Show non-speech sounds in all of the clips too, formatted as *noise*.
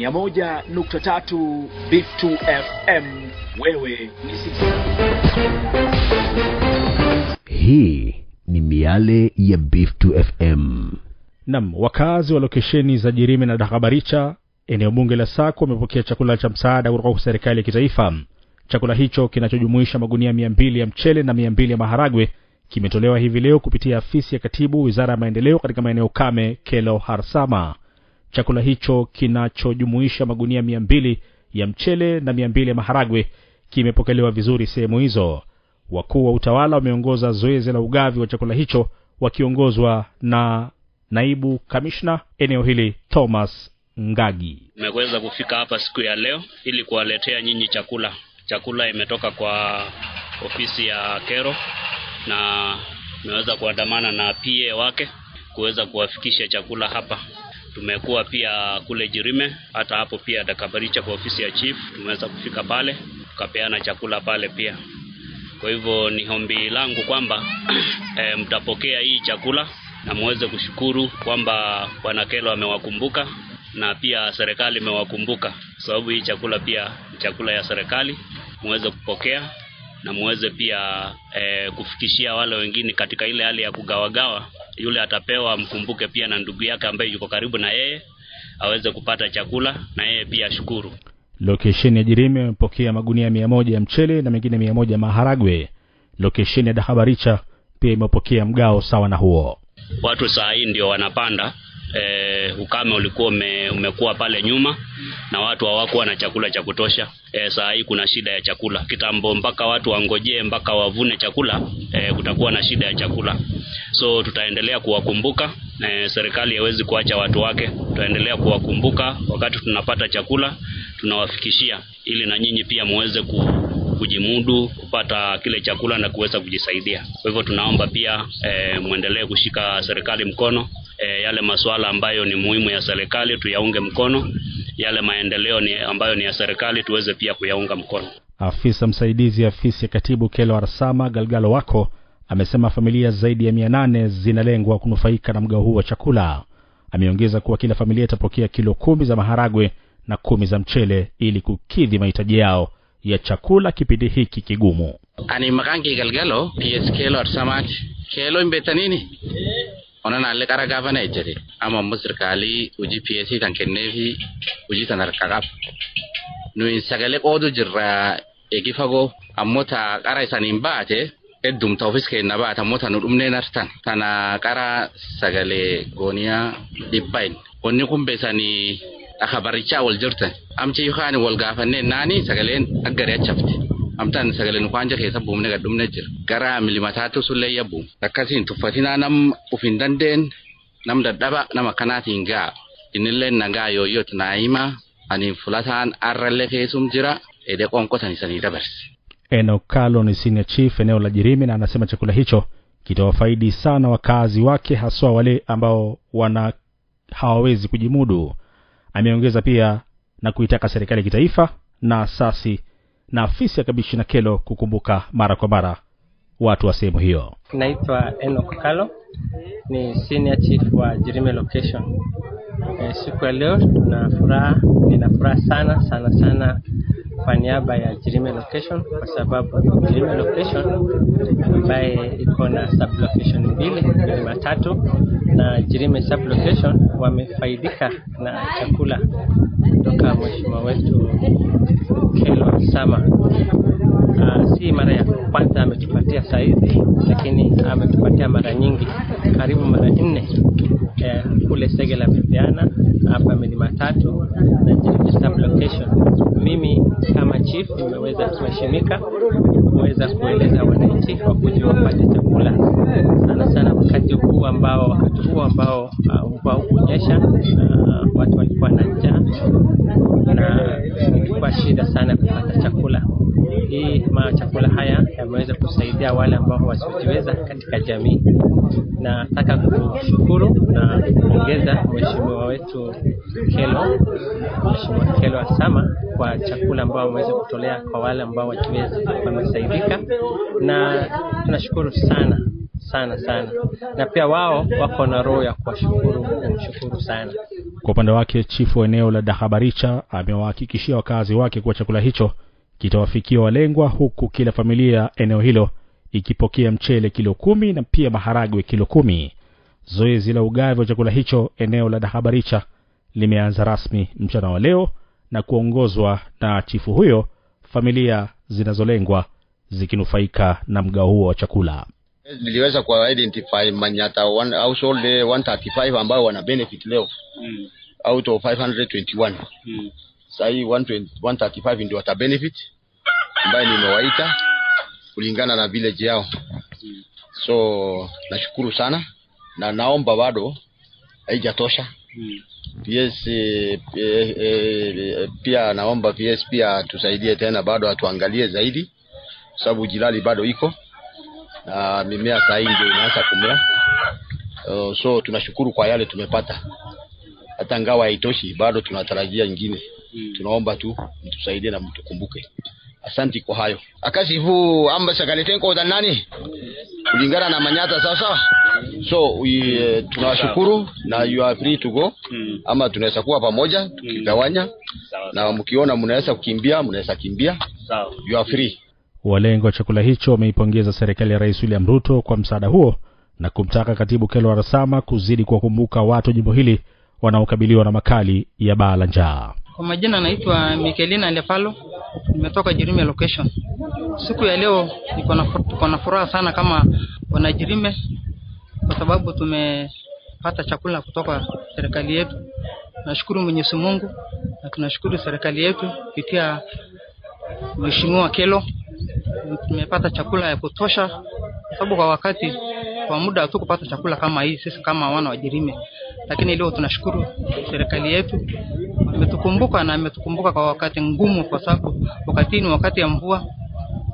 101.3 Bit2 FM, wewe ni sisi. Hii ni miale ya Bit2 FM. Nam, wakazi wa lokesheni za Jirime na Dakabaricha eneo bunge la Sako wamepokea chakula cha msaada kutoka kwa serikali ya kitaifa. Chakula hicho kinachojumuisha magunia mia mbili ya mchele na mia mbili ya maharagwe kimetolewa hivi leo kupitia afisi ya katibu wizara ya maendeleo katika maeneo kame Kelo Harsama. Chakula hicho kinachojumuisha magunia mia mbili ya mchele na mia mbili ya maharagwe kimepokelewa vizuri sehemu hizo. Wakuu wa utawala wameongoza zoezi la ugavi wa chakula hicho wakiongozwa na naibu kamishna eneo hili Thomas Ngagi. Nimeweza kufika hapa siku ya leo ili kuwaletea nyinyi chakula. Chakula imetoka kwa ofisi ya kero na imeweza kuandamana na PA wake kuweza kuwafikisha chakula hapa. Tumekuwa pia kule Jirime, hata hapo pia Dakabaricha kwa ofisi ya chief tumeweza kufika pale tukapeana chakula pale pia. Kwa hivyo ni hombi langu kwamba e, *clears throat* mtapokea hii chakula na muweze kushukuru kwamba Bwana Kelo amewakumbuka na pia serikali imewakumbuka, sababu hii chakula pia ni chakula ya serikali. Muweze kupokea na muweze pia e, kufikishia wale wengine katika ile hali ya kugawagawa yule atapewa mkumbuke pia na ndugu yake ambaye yuko karibu na yeye aweze kupata chakula na yeye pia ashukuru. Lokesheni ya jirime imepokea magunia mia moja ya mchele na mengine mia moja maharagwe. Lokesheni ya Dahabaricha pia imepokea mgao sawa na huo. Watu saa hii ndio wanapanda e, ukame ulikuwa ume, umekuwa pale nyuma na watu hawakuwa na chakula cha kutosha. E, saa hii kuna shida ya chakula. Kitambo mpaka watu wangojee mpaka wavune chakula e, kutakuwa na shida ya chakula, so tutaendelea kuwakumbuka e, serikali haiwezi kuacha watu wake. Tutaendelea kuwakumbuka wakati tunapata chakula tunawafikishia, ili na nyinyi pia muweze ku kujimudu kupata kile chakula na kuweza kujisaidia. Kwa hivyo tunaomba pia e, mwendelee kushika serikali mkono. E, yale masuala ambayo ni muhimu ya serikali tuyaunge mkono, yale maendeleo ni ambayo ni ya serikali tuweze pia kuyaunga mkono. Afisa msaidizi afisi ya katibu Kelo Arsama Galgalo wako amesema familia zaidi ya mia nane zinalengwa kunufaika na mgao huu wa chakula. Ameongeza kuwa kila familia itapokea kilo kumi za maharagwe na kumi za mchele ili kukidhi mahitaji yao ya chakula kipindi hiki kigumu. ani makangi galgalo ps kelo arsamat kelo hin onaan haalli qara gaafana jedhe amma ammoo sirkaalii hojii P.S tan kennee fi hojii tan harkaa qaba. Nuyi sagale qoodu jirra eegi fagoo ammoo taa qara isaaniin baate heddumta ofis kenna baata ammoo tanu dhumneen artan tana qara sagalee gooniyaa dhibbain onni kun beesanii akka barichaa wal jirtan amchi yookaan wal gaafanneen naani sagaleen aggaree achafte. amtaan sagaleen waan jaheessa buumne gadhumne jira gara milimataatti usullee yabbu akkasiin tuffatinaa nam uf hin danda'en nam dadhaba nama kanaatiin ga'a innillee nagaa yooyyootti naa hima ani fulataan arrallee keessum jira edee qonkotani sanii dabarse. Eno Kalon ni senior chief eneo la Jirimi, na anasema chakula hicho kitawafaidi sana wakazi wake, haswa wale ambao wana hawawezi kujimudu. Ameongeza pia na kuitaka serikali kitaifa na asasi na afisi ya kamishina Kelo kukumbuka mara kwa mara watu wa sehemu hiyo. Naitwa Enoch Kalo, ni senior chief wa Jirime location. E, siku ya leo tuna furaha, nina furaha sana sana sana kwa niaba ya Jirime location kwa sababu Jirime location ambaye iko na sub location mbili Jirime matatu na Jirime sub location wamefaidika na chakula kutoka mheshimiwa wetu wanachama uh, ah, si mara ya kwanza ametupatia saizi, lakini ametupatia mara nyingi, karibu mara nne eh, kule sege la Pepeana hapa milima tatu na location. Mimi kama chief nimeweza kuheshimika kuweza kueleza wananchi wakuje wapate chakula sana sana wakati huu ambao wakati huu ambao ah, mvua uh, hukunyesha uh, kuwasaidia wale ambao wasiojiweza katika jamii. Nataka kushukuru na kupongeza mheshimiwa wetu Kelo, Mheshimiwa Kelo Asama kwa chakula ambao wameweza kutolea kwa wale ambao wajiwezi, wamesaidika na tunashukuru sana sana sana, na pia wao wako na roho ya kuwashukuru na mshukuru sana. Kwa upande wake, chifu wa eneo la Dahabaricha amewahakikishia wakazi wake kuwa chakula hicho kitawafikia walengwa, huku kila familia eneo hilo ikipokea mchele kilo kumi na pia maharagwe kilo kumi. Zoezi la ugavi wa chakula hicho eneo la Dahabaricha limeanza rasmi mchana wa leo na kuongozwa na chifu huyo, familia zinazolengwa zikinufaika na mgao huo wa chakula. Niliweza kwa identify Manyata one, household 135 ambao wana benefit leo mm. out of 521 mm. Sahii 135 ndio wata benefit ambaye nimewaita kulingana na village yao. So nashukuru sana na naomba bado haijatosha. PS e, eh, e, eh, eh, pia naomba PS pia tusaidie tena, bado atuangalie zaidi, sababu jilali bado iko na mimea sahii ndio inaanza kumea. Uh, so tunashukuru kwa yale tumepata, hata ngawa haitoshi, bado tunatarajia ingine. Tunaomba tu mtusaidie na mtukumbuke. Asanti kwa hayo akasi vu amba nani kulingana na manyata sasa, So e, tunawashukuru na you are free to go mm. Ama tunaweza kuwa pamoja mm. tukigawanya Na mkiona mnaweza kukimbia mnaweza kimbia sawa. You are free. Walengo wa chakula hicho wameipongeza serikali ya Rais William Ruto kwa msaada huo na kumtaka katibu Kelo Arasama kuzidi kuwakumbuka watu jimbo hili wanaokabiliwa na makali ya baa la njaa. Kwa majina naitwa mikelina lepalo nimetoka Jirime Location. Siku ya leo niko na furaha sana kama wanajirime, kwa sababu tumepata chakula kutoka serikali yetu. Nashukuru Mwenyezi Mungu na tunashukuru serikali yetu kupitia Mheshimiwa Kelo, tumepata chakula ya kutosha, sababu kwa wakati kwa muda hatukupata chakula kama hii sisi kama wana wa Jirime lakini leo tunashukuru serikali yetu imetukumbuka na imetukumbuka kwa wakati ngumu, kwa sababu wakati ni wakati ya mvua,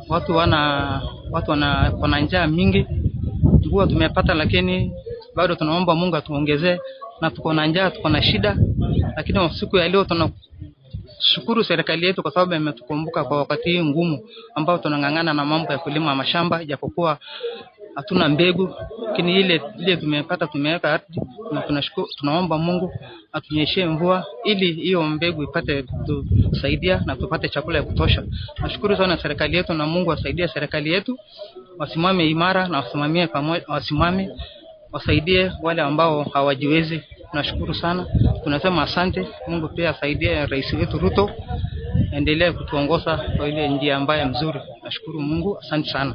watu wana watu wana, kona njaa mingi. Mvua tumepata, lakini bado tunaomba Mungu atuongezee, na tuko na njaa, tuko na shida, lakini siku ya leo tunashukuru serikali yetu kwa sababu imetukumbuka kwa wakati ngumu ambao tunang'ang'ana na mambo ya kulima mashamba, japokuwa hatuna mbegu, lakini ile ile tumepata tumeweka ardhi na tunashukuru, tunaomba Mungu atunyeshe mvua ili hiyo mbegu ipate kutusaidia na tupate chakula ya kutosha. Nashukuru sana serikali yetu, na Mungu asaidie serikali yetu, wasimame imara na wasimamie pamoja, wasimame wasaidie wale ambao hawajiwezi. Nashukuru sana, tunasema asante. Mungu pia asaidie rais wetu Ruto, endelee kutuongoza kwa ile njia ambayo mzuri. Nashukuru Mungu, asante sana.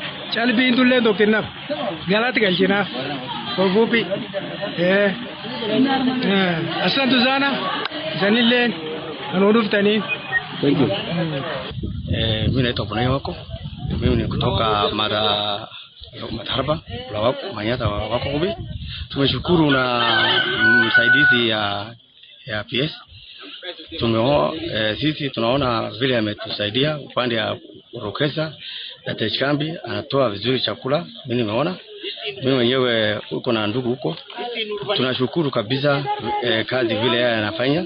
chali भी इंदुल्ले दो किन्ना गलत गलती ना kwa ufupi eh eh asante sana zanile tani thank you eh mimi naitwa Bwana wako mimi ni kutoka mara Mataraba la wako manyata wako kubi tumeshukuru na msaidizi ya ya PS tumeo eh, sisi tunaona vile ametusaidia upande ya Rokesa Natesh Kambi anatoa vizuri chakula, mimi nimeona mimi mwenyewe uko na ndugu huko. Tunashukuru kabisa eh, kazi vile yeye anafanya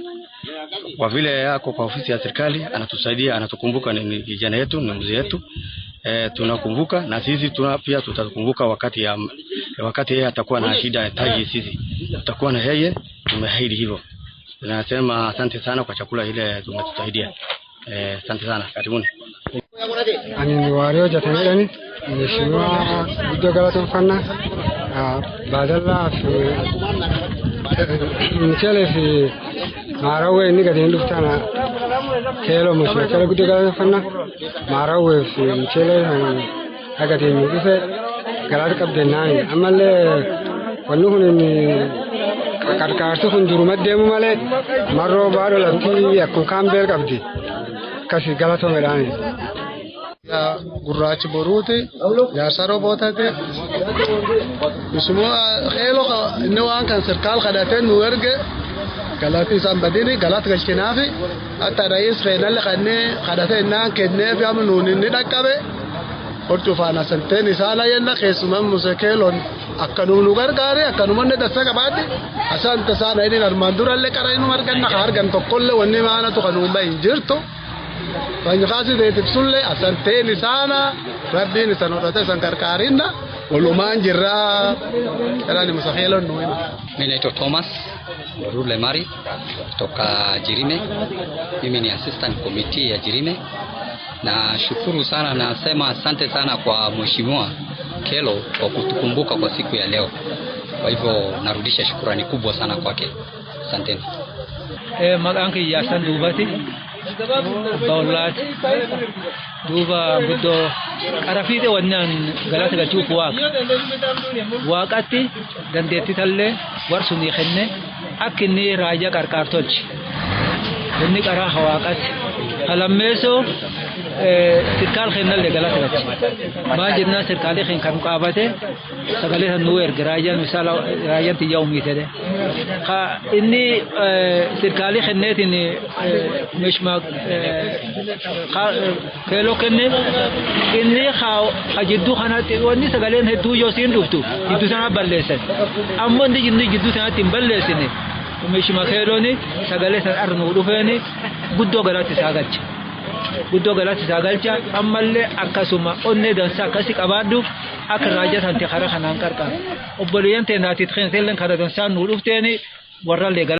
kwa vile yako kwa ofisi ya serikali, anatusaidia anatukumbuka, ni vijana yetu, na mzee yetu e, tunakumbuka na sisi tuna, pia tutakumbuka wakati ya, wakati yeye atakuwa na shida ya taji, sisi tutakuwa na yeye. Tumeahidi hivyo. Tunasema asante sana kwa chakula ile tumetusaidia. Eh, asante e, sana, karibuni. मारा कलो मिलियो मारादी गॾु आले कटर मे मरो बार थी गले ጉራች ቦሩት ያሰሮ ቦታቴ እስሙ ሄሎ ንዋን ከንስር ካል ከዳቴን ወርገ galaatiin isaan badini galaata galchinaafi hatta ra'is reenalli qannee kadhate innaan kennee fi amma nuun inni dhaqqabe hortuu faana santeen isaa laayyenna keessumaan musekeeloon akkanuma nu gargaare akkanuma inni dassa qabaadde asaan tasaa dhayiniin armaan durallee qarayinu arganna ka argan tokkollee wanni maanatu kanuun bahin jirtu. banyakazi be tipsulle asanteni sana rabbini sanotate sankarkarinda olumanjira era ni msahilo nuema mimi naitwa Thomas Rule Mari kutoka Jirime mimi ni assistant committee ya Jirime na shukuru sana nasema asante sana kwa mheshimiwa Kelo kwa kutukumbuka kwa siku ya leo kwa hivyo narudisha shukurani kubwa sana kwake asanteni eh magangi ya sandubati باولات دوبا بدو عرفيت ونان قالت لك واق واقتي دندتي تله ورسني خنه اكني راجا كركارتوج اني قرا واقت فلمسو تتالخ نل غلط ما جد ناس تتالخ إن كم قابته سقله النوير راجل مثال راجل يومي تده خا إني تتالخ النت إني مش ما خا كلو كني إني خا أجدو خنا وإني سقله هدو يوسين دوفتو يدو سنا بلسن أما إني جندي جدو سنا تنبلسني مش ما خيروني سقله سنا أرنو رفعني بدو غلط ساقتش guddoo galatti isaa galcha ammallee akkasuma onnee dansaa akkasi qabaadduuf akka raajaa sante karaa kanaan qarqaara obboleeyyan teenaatiit keenselleen kara dansaa nuu dhufteeni warrallee